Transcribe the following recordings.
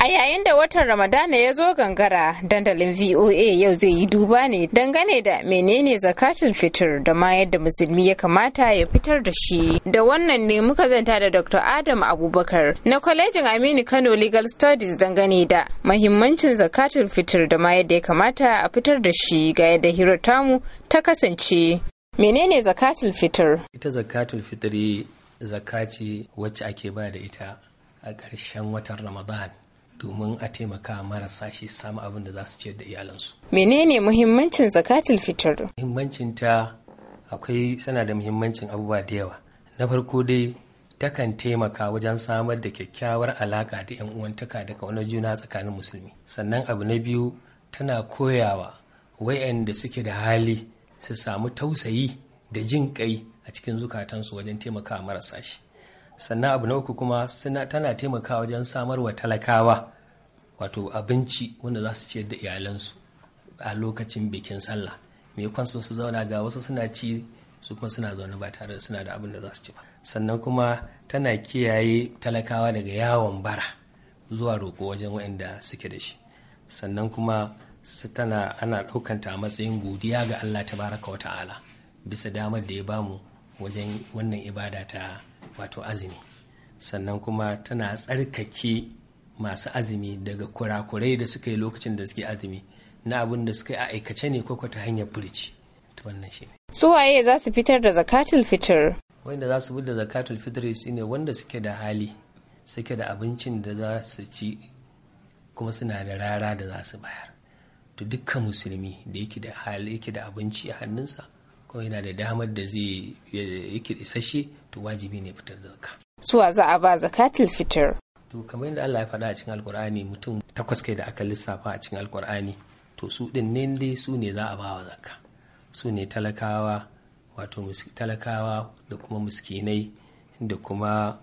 A yayin da watan Ramadana ya zo gangara, dandalin VOA yau zai yi duba ne dangane da menene zakatun fitir da ma yadda musulmi ya kamata ya fitar da shi. Da wannan ne muka zanta da Dr. Adam Abubakar na kwalejin Aminu Kano Legal Studies dangane da mahimmancin zakatun fitir da ma yadda ya kamata a fitar da shi ga yadda hirar ta kasance. Menene zakatun fitir? Ita zakatul yi, zakaci wacce ake ba da ita a ƙarshen watan Ramadan. domin a taimaka marasa shi samu abin da za su ciyar da iyalansu. Menene muhimmancin zakatul fitar? Muhimmancin ta akwai sana da muhimmancin abubuwa da yawa. Na farko dai takan taimaka wajen samar da kyakkyawar alaka da 'yan uwantaka da ƙaunar juna tsakanin musulmi. Sannan abu na biyu tana koyawa wayanda suke da hali su samu tausayi da jin kai a cikin zukatansu wajen taimaka marasa shi. sannan abu na uku kuma tana taimakawa wajen samar wa talakawa wato abinci wanda za su ciyar da iyalansu a lokacin bikin sallah me kwanso su zauna ga wasu suna ci su kuma suna zaune ba tare da suna da abin da za su ci ba sannan kuma tana kiyaye talakawa daga yawon bara zuwa roƙo wajen waɗanda suke da shi sannan kuma tana ana ɗaukanta a matsayin godiya ga Allah ta baraka wa ta'ala bisa damar da ya bamu wajen wannan ibada ta wato azumi sannan kuma tana tsarkake masu azumi daga kurakurai da suka yi lokacin da suke azumi na abin da suka yi a aikace ne ko ta hanyar furici wannan shi su waye za su fitar da zakatul fitr wanda za su da zakatul fitr ne wanda suke da hali suke da abincin da za su ci kuma suna da rara da za su bayar to dukkan musulmi da yake da hali yake da abinci a hannunsa kuma yana da damar da zai yake isasshe to wajibi ne fitar da Su suwa za a ba zakatul fitar to kamar yadda Allah ya faɗa a cikin alkur'ani mutum takwas kai da aka lissafa a cikin alkur'ani to su ɗin ne dai su ne za a ba wa zaka. su ne talakawa wato talakawa da kuma miskinai da kuma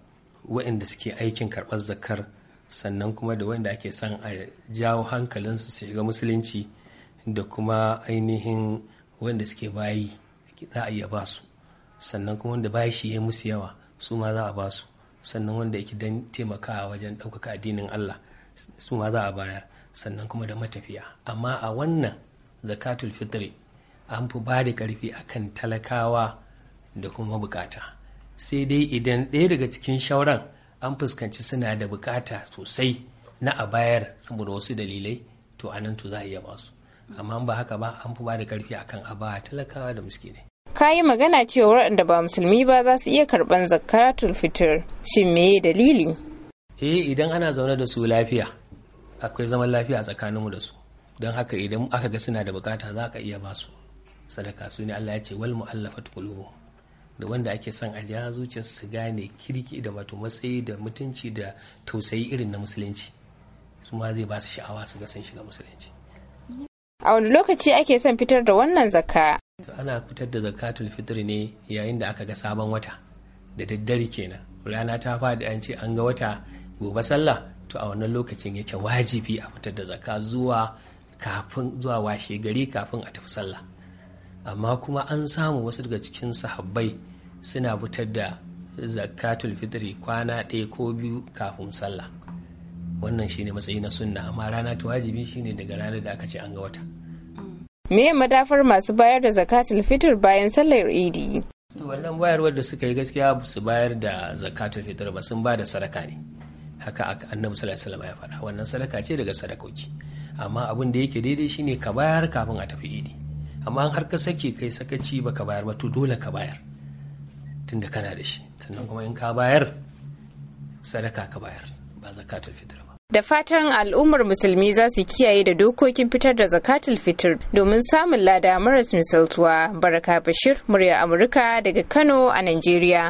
waɗanda suke aikin karɓar zakar sannan kuma da waɗanda ake son a jawo hankalinsu su shiga musulunci da kuma ainihin waɗanda suke bayi za a iya ba su sannan kuma wanda bashi ya musu yawa su ma za a ba su sannan wanda yake don taimakawa wajen ɗaukaka addinin Allah su ma za a bayar sannan kuma da matafiya amma a wannan zakatul fitri an fi ba da ƙarfi akan talakawa da kuma bukata sai dai idan ɗaya daga cikin shauran an fuskanci suna da bukata sosai na a bayar saboda wasu dalilai to anan to za a iya basu amma ba haka ba an fi ba da karfi akan a ba talakawa da ka yi magana cewa waɗanda ba musulmi ba za su iya karɓar zakaratul fitir shin me dalili eh idan ana zaune da su lafiya akwai zaman lafiya tsakanin mu da su don haka idan aka ga suna da bukata za ka iya ba su sadaka su ne Allah ya ce wal mu'allafat qulubuhum da wanda ake son a ja zuciyarsu su gane kirki da wato matsayi da mutunci da tausayi irin na musulunci su ma zai ba su sha'awa su ga sun shiga musulunci A wani lokaci ake son fitar da wannan zakka? Ana fitar da zakatul fitri ne yayin da aka ga sabon wata da daddare kenan. Rana ta faɗi an ce an ga wata gobe sallah to a wannan lokacin yake wajibi a fitar da zakka zuwa kafin zuwa washe gari kafin a tafi sallah. Amma kuma an samu wasu daga cikin sahabbai suna fitar da zakatul fitri kwana ɗaya ko biyu kafin sallah. wannan shine matsayi na sunna amma rana ta wajibi shine daga ranar da aka ce an ga wata me madafar masu bayar da zakatul fitr bayan sallar idi to wannan bayarwar da suka yi gaskiya su bayar da zakatul fitr ba sun ba da sadaka ne haka annabi sallallahu alaihi wasallam ya faɗa wannan sadaka ce daga sadakoki amma abin da yake daidai shine ka bayar kafin a tafi idi amma har ka sake kai sakaci baka bayar ba to dole ka bayar tunda kana da shi sannan kuma in ka bayar sadaka ka bayar ba zakatul fitr da fatan al'ummar musulmi za su kiyaye da dokokin fitar da zakatul fitir domin samun lada maras misaltuwa baraka bashir murya amurka daga kano a najeriya